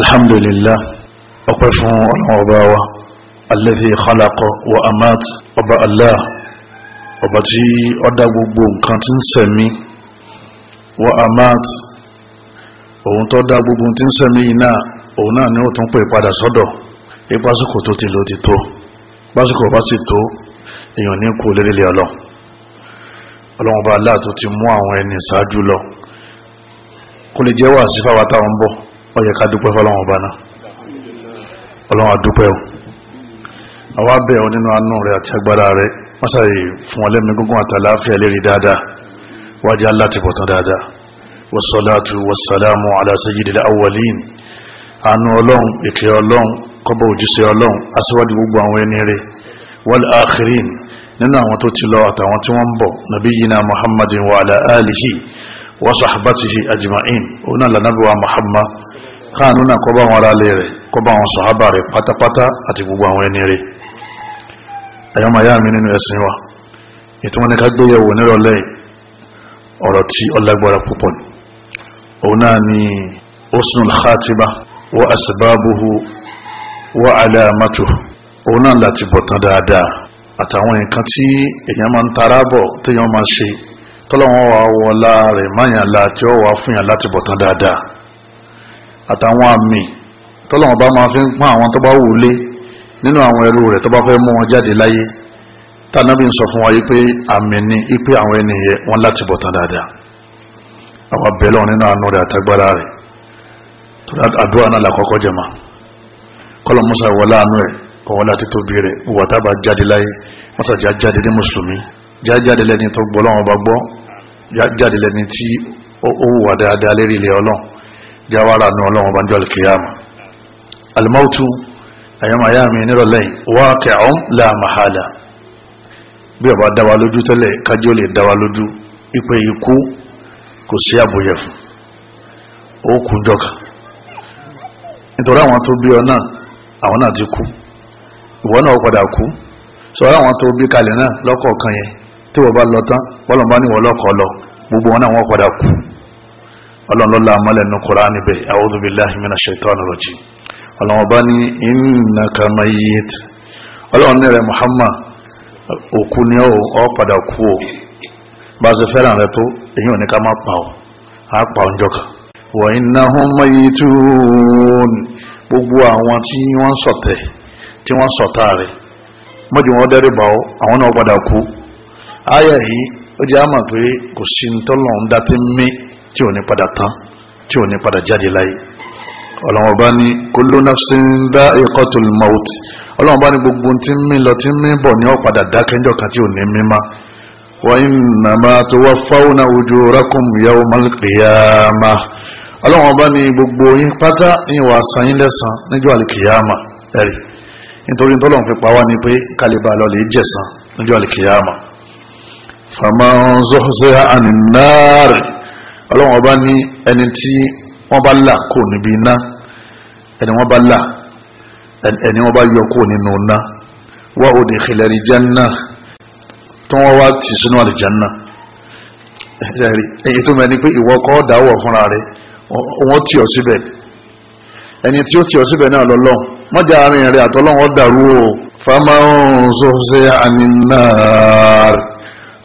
alhamdulillah ọpẹ́ fún ọlọ́run ọba wa alladhi khalaqa wa amat ọba allah ọba tí ó dá gbogbo nǹkan tí ń sẹ̀mí wa amat òun tó dá gbogbo tí ń sẹ̀mí yìí náà òun náà ni ó tún pè padà sọ́dọ̀ ipásùkò tó ti lò ti tó pásùkò bá ti tó èèyàn ní kú lérílẹ̀ ọlọ́ ọlọ́run ọba ti mú àwọn ẹni ṣáájú lọ kó lè jẹ́ wàásí fáwọn táwọn ń bọ̀ ó yẹ ká dúpẹ́ fọlọ́run ọba náà ọlọ́run àdúpẹ́ o àwa bẹ̀ ọ nínú àánú rẹ àti agbára rẹ wọ́n sàyè fún ọlẹ́mí gúngún àtàláfíà lérí dáadáa wájú alátìbọ̀tán dáadáa wasalaatu wasalaamu ala sayyidil awwalin àánú ọlọ́run ìkẹ́ ọlọ́run kọ́bọ̀ òjíṣẹ́ ọlọ́run aṣíwájú gbogbo àwọn ẹni rẹ̀ wal akhirin nínú àwọn tó ti lọ àtàwọn tí wọ́n ń bọ̀ nabiyina muhammadin wa alihi wa sahbatihi ajma'in òun náà lànàbíwá muhammad káànú náà kọ́ bá wọn aráalé rẹ̀ kọ́ bá wọn sọ̀hábà rẹ̀ pátápátá àti gbogbo àwọn ẹni rẹ̀ àyọ́mọ̀ ayá mi nínú ẹ̀sìn wa ìtumọ̀ ní ká gbéyẹ̀wò nírọ̀lẹ́ ọ̀rọ̀ tí ọlágbára púpọ̀ ni òun náà ni husnul khatima wa asbabuhu wa alamatuhu òun náà láti bọ̀ tán dáadáa àtàwọn nǹkan tí èèyàn máa ń tara bọ̀ téèyàn máa ṣe tọ́lọ́wọ́n wa wọlá rẹ̀ máyàn láti ọwọ́ fún yàn láti bọ̀ tán dáadáa àtàwọn àmì tọ́lọ́wọ́n bá máa fi ń pọ́n àwọn tó bá wù lé nínú àwọn ẹrú rẹ̀ tó bá fẹ́ mú wọn jáde láyé tànàbí ń sọ fún wa yìí pé àmì ni ipe àwọn ènìyàn wọn láti bọ̀ tán dáadáa àwọn abẹ́lẹ̀ wọn nínú àánú rẹ̀ àtagbára rẹ̀ tó àdúrà náà làkọ́kọ́ jẹ̀mà kọ́lọ̀ musa wọlé àánú rẹ̀ kọ́wọ́n láti tóbi rẹ̀ wà tá a bá jáde láyé mọ́tà já jáde ní mùsùlùmí já jáde lẹ́ni tó gbọ́ lọ́wọ́n bá gbọ́ já jáde lẹ́ni tí ó wà dáadáa lérí ilẹ̀ ọlọ́run jáwára ní ọlọ́run banjọ́ alkiyama almautu ayamayami nírọ̀lẹ́ waqi'un la mahala bí ọba dáwà lójú tẹ́lẹ̀ kájí ó lè dáwà lójú ipe ikú kò sí àbòyẹ fún ó kú jọka nítorí àwọn tó bí ọ náà àwọn náà ti kú ìwọ náà padà kú sọ̀rọ̀ àwọn tó bí kalẹ̀ náà lọ́kọ̀ọ̀kan yẹn tí wọ́n bá lọ tán wọ́n padà ọlọ́nlọ́lá amálẹ̀nu kùránì bẹ́ẹ̀ a'udhu billahi minash shaitani rajim ní innaka mayyit ọlọ́wọ́n rẹ̀ Muhammad òkú ni ọ kú o bá a ṣe fẹ́ràn rẹ tó èyí ní ká má pa ọ á pa ọjọ́ kan wa innahum mayyitun gbogbo àwọn tí wọ́n ṣọ̀tẹ̀ tí wọ́n ṣọ̀tá rẹ̀ mọ́jú wọn dẹ́rù bá ọ àwọn náà kú ayẹ̀ yìí tí ò ní padà tán tí ò ní padà jáde láyé ọlọ́run bá ní kullu nafsin dha'iqatul maut ọlọ́run bá ní gbogbo tí ń mí lọ tí ń mí bọ̀ ní ó padà dákẹ́jọ́ kan tí ò ní mímá wa innama tuwaffawna ujurakum yawmal qiyamah ọlọ́run bá ní gbogbo yín pátá yín wàá san yín níjọ́ àlìkìyàmá ẹ̀rì nítorí tọ́lọ́run fi pa ni pé kálíbà lọ lè jẹ̀san níjọ́ ọlọ́run ọba ní ẹni tí wọ́n bá là kó níbi iná ẹni wọ́n bá là ẹni wọ́n bá yọ kó nínú iná wá òde ìkìlẹ̀ àlìjáná tí wọ́n wá tì sínú àlìjáná èyí tó mẹ́ni pé ìwọ kọ́ dáwọ̀ fúnra rẹ̀ wọ́n tì ọ́ síbẹ̀ ẹni tí ó tì ọ́ síbẹ̀ náà lọ́lọ́run mọ́jà àárín rẹ̀ àtọ́lọ́run dàrú o fámáhùn sọ́sẹ́ ànínáàrì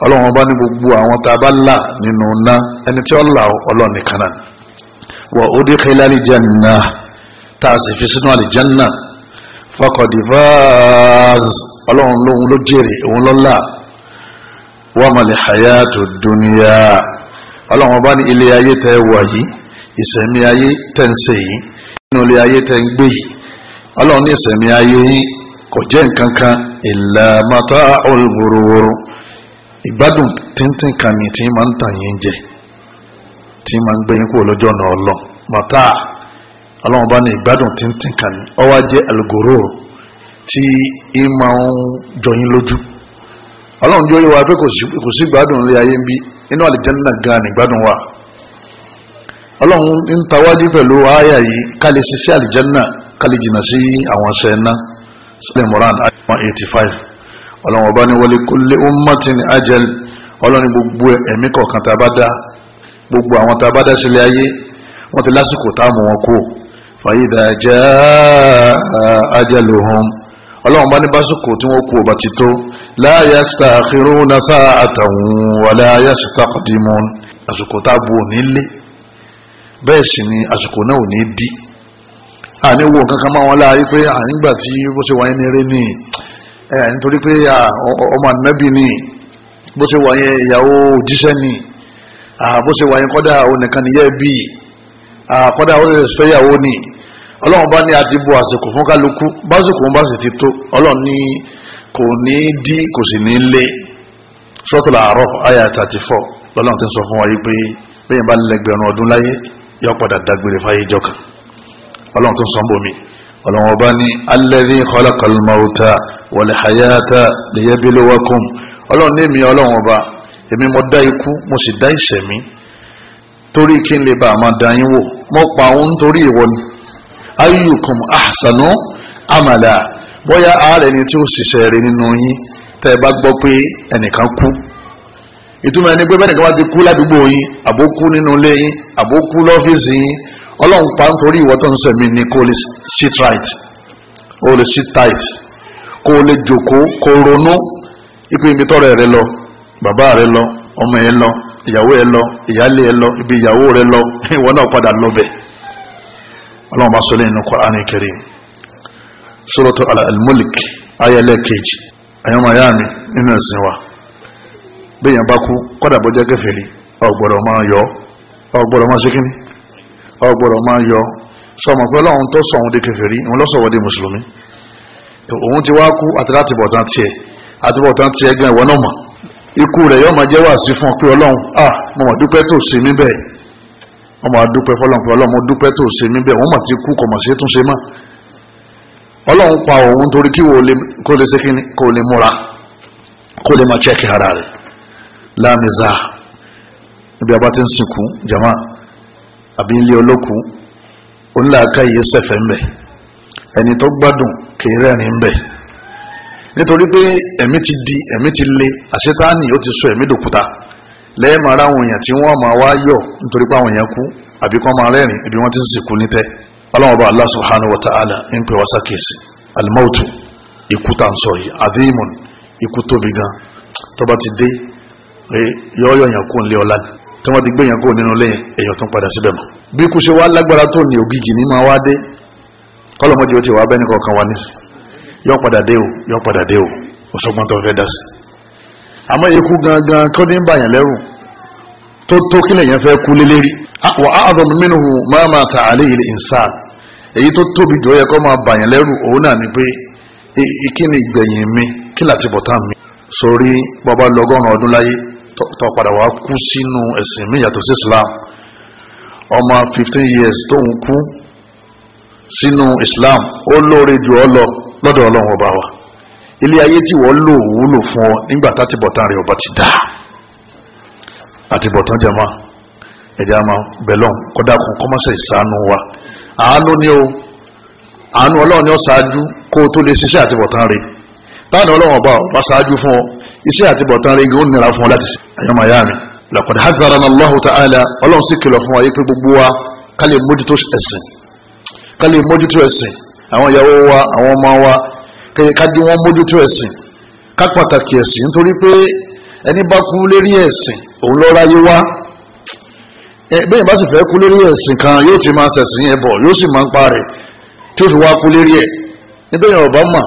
ọlọ́run ọba ní gbogbo àwọn tá a bá là nínú ná ẹni tí ó là ọlọ́run nìkan náà wọ òde kẹlẹ́ àlìjẹ́nà tá a sì fi sínú àlìjẹ́nà fakọ̀dìfáàz ọlọ́run lóhun ló jèrè òun lọ́la wọ́n mọ̀lẹ́ hayatu duniya ọlọ́run ọba ní ilé ayé tẹ́ wà yìí ìsẹ̀mí ayé tẹ́ ń ṣe yìí nínú ilé ayé tẹ́ ń gbé yìí ọlọ́run ní ìsẹ̀mí ayé yìí kò jẹ́ nǹkan kan ìlà mọ́tà olùgbòròwòrò. ìgbádùn tíntín kan ní tí máa ń tàn yín jẹ tí máa ń gbé yín kúrò lọ́jọ́ ọ̀nà ọlọ́run mọ̀tá ọlọ́run bá ní ìgbádùn tíntín kan ní ó wá jẹ́ àlùgòrò tí í máa ń jọ yín lójú ọlọ́run jọ yín wá pé kò sí ìgbádùn lé ayé ń bí inú gan ìgbádùn wà ọlọ́run 185 ọlọ́run ọba ní wọlé kulli ummatin ajal ọlọ́run gbogbo ẹ̀mí kọ̀ọ̀kan tá a bá dá gbogbo àwọn tá a bá dá sílẹ̀ ayé wọ́n ti lásìkò tá a mú wọn kú fàyídà jẹ́ ajaluhum ọlọ́run bá ní básìkò tí wọ́n kú ọba ti tó la yastakhiruna sa'atan wala yastaqdimun àsìkò tá a bu òní lé bẹ́ẹ̀ sì ni àsìkò náà ò ní dí àníwò kankan máa wọn láàyè pé ànígbà tí bó ṣe wáyé ní eré nìyí ẹ eh, nítorí pé ah, ọmọ ànábì ni bó ṣe wà yẹn ìyàwó òjíṣẹ́ ni ah, bó ṣe wà yẹn kọ́dà onìkan nìyẹn bí kọ́dà ó lè ah, fẹ́ ìyàwó ni ọlọ́run bá ní àti bu àsìkò fún kálukú básìkò ń bá sì ti tó ọlọ́run ní kò ní dí kò sì ní lé sọ́tò làárọ̀ àyà thirty four lọ́lọ́run ti sọ fún wa yìí pé bẹ́ẹ̀ bá lẹ́gbẹ̀rún ọdún láyé yọ padà dágbére fáyé jọkàn ọlọ́run tó ń sọ ń bomi ọlọ́run ọba ní alladhi khalaqal mauta wàlẹ̀hayáta lèyẹ́bílówákùn ọlọ́run ní èmi ọlọ́run ọba èmi mo dá ikú mo sì dá ìṣẹ̀mí torí kí n lè bá a máa da yín wò mo pa òun torí ìwọ ni ayyukum ahsanu amala bóyá ààrẹ ni tí ó ṣiṣẹ́ rẹ nínú yín tẹ́ ẹ bá gbọ́ pé ẹnìkan kú ìtumọ̀ ẹni pé bẹ́ẹ̀ bá ti kú ládùúgbò yín àbókú nínú ilé yín àbókú lọ́fíìsì yín ọlọ́run pa nítorí ìwọ tó ń sẹ̀mí ni kó lè sit right ó lè sit tight kó o lè jòkó kó o ronú ipe ibi tọrọ rẹ lọ bàbá rẹ lọ ọmọ yẹn lọ ìyàwó yẹn lọ ìyáálé yẹn lọ ibi ìyàwó rẹ lọ ìwọ náà padà lọ bẹ bá sọ lẹ́yìn inú Qur'an Karim Suratu al ayẹlẹ kejì àyọmọ ayá mi nínú ẹsìn wa bẹyàn bá kú kódà bọjá kẹfìrí ọgbọ́dọ̀ máa yọ ọgbọ́dọ̀ máa ṣe kíní ọgbọ́dọ̀ máa yọ sọmọ pé Ọlọ́run tó sọ òun di kẹfìrí òun lọ sọ mùsùlùmí tó òun ti wá kú àti láti bọ̀ tán tiẹ̀ àti bọ̀ tán tiẹ̀ gan ìwọ náà mọ̀ ikú rẹ̀ yóò máa jẹ́ wàásí fún ọ pé ọlọ́run ah mo mà dúpẹ́ tó ṣe mí bẹ́ẹ̀ wọ́n máa dúpẹ́ fọlọ́run pé ọlọ́run mo dúpẹ́ tó ṣe mí bẹ́ẹ̀ wọ́n mà ti kú kò mà ṣe tún ṣe mọ́ ọlọ́run pa òun torí kí kò lè ṣe kíni kò lè múra kò lè máa chẹ́kì ara rẹ̀ láàmìzá níbi abá ti ń sìnkú jama àbí ilé olókùn onílàákàyè sẹ̀fẹ̀ ń bẹ̀ ẹni tó gbádùn kì í rẹ́rìn ń nítorí pé ti di ẹ̀mí ti le àṣetáàní ó ti sọ ẹ̀mí dòkúta lẹ́ẹ̀mọ̀ ara àwọn èèyàn tí wọ́n máa wá yọ̀ nítorí pé àwọn èèyàn kú àbí kọ́ máa rẹ́rìn ibi wọ́n ti ń sìnkú nítẹ́ ọlọ́run bá Allah subhanahu wa ta'ala ń pè alimautu ikú tá sọ yìí adéhìmùn ikú tóbi gan ti dé yọ́ọ́yọ̀ yẹn kó ń lé ọlá ni tí wọ́n ti gbé kọ́lọ́mọdé ó ti wà abẹ́ni kọ̀ọ̀kan wa nísì yọ padà dé o yọ padà dé o ó sọ gbọ́ntàn fẹ́ dá sí àmọ́ ikú gangan kọ́ ní bà yẹn lẹ́rù tó tó kílẹ̀ yẹn fẹ́ kú lélẹ́rí wà á àdọ̀ mímínú máa máa ta àlẹ́ ilẹ̀ ìnsàn èyí tó tóbi jọ yẹ kọ́ máa bà yẹn lẹ́rù òun náà ni pé kí ni ìgbẹ̀yìn mi kí láti bọ̀ tá mi sórí bàbá lọ́gọ́rùn-ún ọdún láyé tó padà wá kú sínú ẹ̀sìn mi yàtọ̀ sí Islam ọmọ fifteen years tóun kú sínú Islam ó lóore jù ọ lọ lọ́dọ̀ Ọlọ́run ọba wa ilé ayé tí wọ́n lò wúlò fún ọ nígbà tá ti bọ̀tán rẹ̀ ọba ti dá àti bọ̀tán jama ẹ̀jẹ̀ àmà bẹ̀lọ́n kọ́dà kún kọ́mọ́sẹ̀ ìsànú wa àánú ni o àánú Ọlọ́run ni ó ṣáájú kó o tó lè ṣiṣẹ́ àti bọ̀tán rẹ̀ táwọn Ọlọ́run ọba ọba ṣáájú fún ọ iṣẹ́ àti bọ̀tán rẹ̀ yóò nira fún ọ láti ṣe àyọ̀mọ̀ ayá mi laqad hadharana Allahu ta'ala Ọlọ́run sì kìlọ̀ fún wa yí pé gbogbo wa ká lè mójútó ẹ̀sìn àwọn ìyàwó wa àwọn ọmọ wa ká di wọn mójútó ẹ̀sìn ká pàtàkì ẹ̀sìn nítorí pé ẹni bá kú lérí ẹ̀sìn òun lọ́ra yé wá bẹ́ẹ̀ bá sì fẹ́ kú lérí ẹ̀sìn kan yóò ti máa ṣẹ̀sìn yẹn bọ̀ yóò sì máa ń pa tí ó fi wá kú lérí ẹ̀ nítorí ọ̀bá mà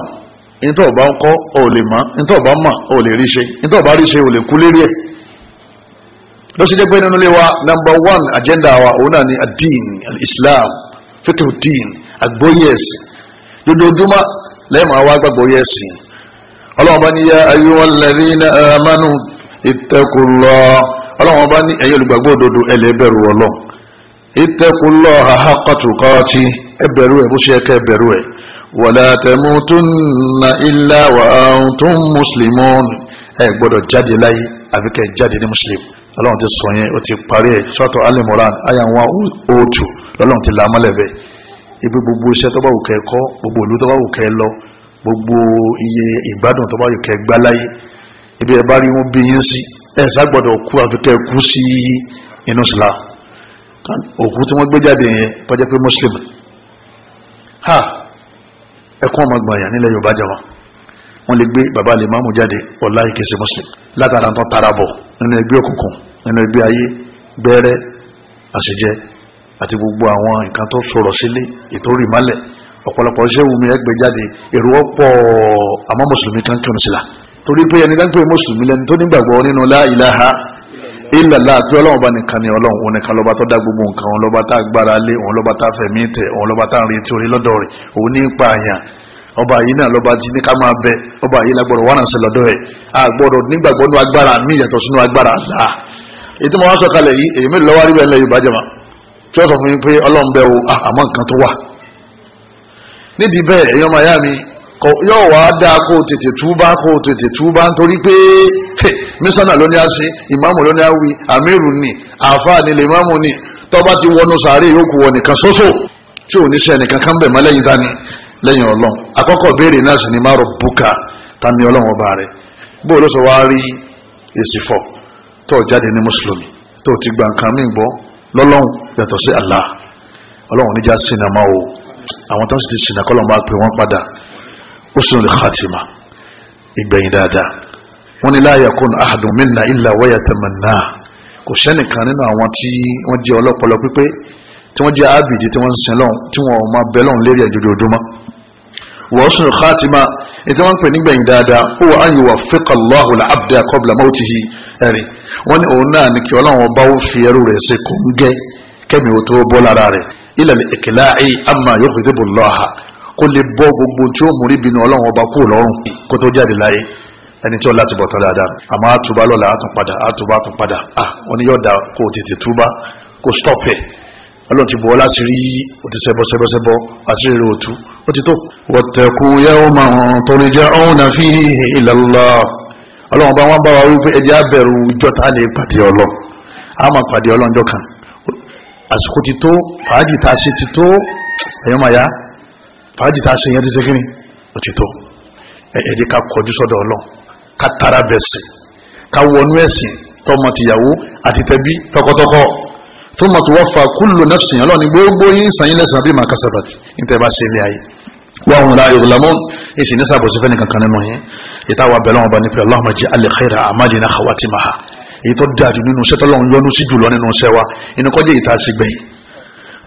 nítorí ọ̀bá ń kọ́ ò lè mọ́ nítorí ọ̀bá mà ò lè rí ṣe nítorí ọ̀bá rí ṣe ò lè kú lérí ẹ̀ ló nínú ilé wa number one agenda wa òun náà ni adin al-Islam fẹ́kẹ̀ dín àgbóyè ẹ̀sìn lójoojúmọ́ lẹ́ẹ̀mọ́ àwa gbàgbóyè ẹ̀sìn ọlọ́wọ́n bá ní yá ayyuhal ladhina amanu ittaqullah ọlọ́wọ́n bá ní ẹ̀yẹ olùgbàgbọ́ òdodo ẹ̀ lẹ́ẹ̀bẹ̀rù ọlọ́run ittaqullah haqqa tuqati ẹ̀bẹ̀rù ẹ̀ bó ṣe ẹ̀kẹ́ ẹ̀bẹ̀rù ẹ̀ wala tamutunna illa wa lọ́lọ́run ti la amọ́lẹ̀ bẹ́ẹ̀ ibi gbogbo iṣẹ́ tó bá wù kẹ́ kọ́ gbogbo ìlú tó bá wù kẹ́ lọ gbogbo iye ìgbádùn tó bá wù kẹ́ gbá láyé ibi ẹ̀ bá rí wọn bí yín sí ẹ̀ ságbọ́dọ̀ kú àfikẹ́ kú sí inú Islam òkú tí wọ́n gbé jáde yẹn pọ́jẹ́ pé Muslim ha ẹ̀kọ́ ọmọ gbọ̀nyàn nílẹ̀ Yorùbá jẹ́ wọn wọ́n lè gbé bàbá lè máàmù jáde ọ̀la ìkẹsẹ̀ Muslim látara tán tara bọ̀ nínú ẹgbẹ́ òkùnkùn nínú ẹgbẹ́ ayé gbẹ́rẹ́ àṣejẹ́ àti gbogbo àwọn nǹkan tó sọ̀rọ̀ sílé ìtòrí ìmálẹ̀ ọ̀pọ̀lọpọ̀ iṣẹ́ wumi ẹgbẹ́ jáde èrò ọ̀pọ̀ àmọ́ mùsùlùmí kan kírun sílá torí pé ẹni dáńpẹ́ mùsùlùmí lẹni tó nígbàgbọ́ nínú la ilaha illallah pé ọlọ́run bá nìkan ni ọlọ́run òun nìkan lọ́ba tó dá gbogbo nǹkan òun lọ́ba tá gbára lé òun lọ́ba tá fẹ̀mí tẹ̀ òun lọ́ba tá retí orí lọ́dọ̀ rẹ̀ òun ní pa àyàn ọba yìí náà lọ́ba jí ní ká máa bẹ ọba yìí lágbọ́dọ̀ wà ránṣẹ́ lọ́dọ̀ ẹ̀ àgbọ́dọ̀ nígbàgbọ́ nínú agbára mí yàtọ̀ sínú agbára Allah ètò mọ́ wá sọ kalẹ̀ yìí èyí mélòó lọ́wọ́ rí bẹ́ẹ̀ lẹ́yìn ìbájọ́ máa tí wọ́n sọ fún mi pé ọlọ́run bẹ́ẹ̀ o ah, àmọ́ nǹkan tó wà nídìí bẹ́ẹ̀ èèyàn máa yá mi yóò wá dáa kó o tètè túbá kó o tètè túbá nítorí pé mísánà ló ní á ṣe ìmáàmù ló ní á wí àmírù ni àáfàá ni lè máàmù ni tọ́ba ti wọnú sàárè yòókù wọ nìkan ṣoṣo tí ò ní ṣe ẹnìkan kan bẹ̀ mọ́ lẹ́yìn dání lẹ́yìn ọlọ́run àkọ́kọ́ béèrè náà sì ni má rọ bùkà tani ọlọ́run ọba rẹ̀ bó o ló sọ wá rí èsì fọ tó o jáde ní mùsùlùmí tó o ti gba nǹkan mí gbọ́ lọ́lọ́run yàtọ̀ sí Allah ọlọ́run níjà sinna máa o àwọn tó ń ti sinna kọ́ máa pè wọ́n padà husnul khatima ìgbẹ̀yìn dáadáa wọ́n ní la yakun ahadun minna illa wa yatamanna kò sẹ́nìkan nínú àwọn tí wọ́n jẹ́ ọlọ́pọlọ pípé tí wọ́n jẹ́ ábìdí tí wọ́n ń sin lọ́hùn tí wọ́n máa bẹ lọ́hùn lérí ẹ̀jọ̀ ojoojúmọ́ wa husnul khatima ètò wọn pè nígbẹ̀yìn dáadáa ó wà áyù wà fẹ́kọ̀ lọ́hùn làbdẹ́ qabla mawtihi ẹ̀rì wọ́n ní òun náà ní kí ọlọ́run ọba ó fi ẹrú rẹ̀ ṣe kò ń gẹ́ kẹ́mi o tó bọ́ lára rẹ̀ ilẹ̀ ìkìláàyè àmà yóò fi dìbò lọ́ha kó lè bọ́ gbogbo tí ó múrí bínú ọlọ́run ọba kú lọ́rùn kó tó jáde láyé ẹni tí ó láti bọ̀ tán dáadáa àmọ́ àtúbá lọ́la àtúnpadà àtúbá àtúnpadà à wọ́n ní yọ̀ọ̀dà kó tètè túbá kó stop ẹ̀ ọlọ́run ti bọ̀ ọ́ láti rí òtí sẹ́bọ̀ sẹ́bọ̀ sẹ́bọ̀ àti rírì òtú ó ti tó. wọ́tẹ̀kù yawman turja'una fihi ila Allah ọlọ́run bá wọn bá wa wípé ẹ̀jẹ̀ á bẹ̀rù ìjọ́ta lè pàdé ọlọ́ àsìkò ti tó fàájì tá a ṣe ti tó ẹ̀yọ́ máa yá fàájì tá a ṣe yẹn ti ṣe kíni ó ti tó ẹ̀ẹ́dì ká kọjú sọ́dọ̀ ọlọ́run ká tara bẹ̀sìn ká wọnú ẹ̀sìn tọmọ tìyàwó àti tẹbí tọkọtọkọ tó mọ̀ tó wọ́n fa kúlò nafsin ọlọ́run ní gbogbo yín sàyín lẹ́sìn bí màá kásábàtì níta ẹ̀ bá ṣe ilé ayé wọ́n hùn láàyè ọ̀làmọ́ ní sábòsífẹ́ nìkan kan nínú yín ìtawà bẹ̀rẹ̀ wọn bá nípa Allahumma ja'al khaira a'malina khawatimaha èyí tó dáa jù nínú sẹ́tọ́ lọ́hún yọnu sí jùlọ nínú sẹ́ wa inú kọjá yìí tá a sì gbẹ̀yìn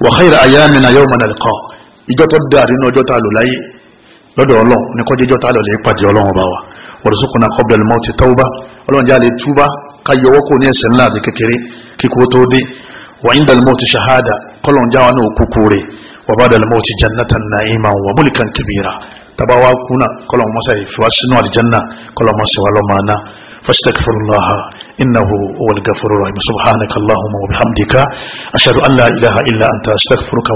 wa khayra ayyamina yawma nalqa ìjọ tó dáa nínú ọjọ́ tá a lò láyé lọ́dọ̀ ọlọ́run ní kọjá ìjọ tá a lò lè pàdé ọlọ́run ọba wa warzuqna qabla al-mawti tawba ọlọ́run jáde túbá ká yọwọ́ kó ní ẹsẹ̀ ńlá àti kékeré kíkó tó dé wa inda al-mawti shahada kọ́lọ́run jáwa náà al-mawti jannatan na'iman wa mulkan إنه هو الغفور الرحيم سبحانك اللهم وبحمدك أشهد أن لا إله إلا أنت أستغفرك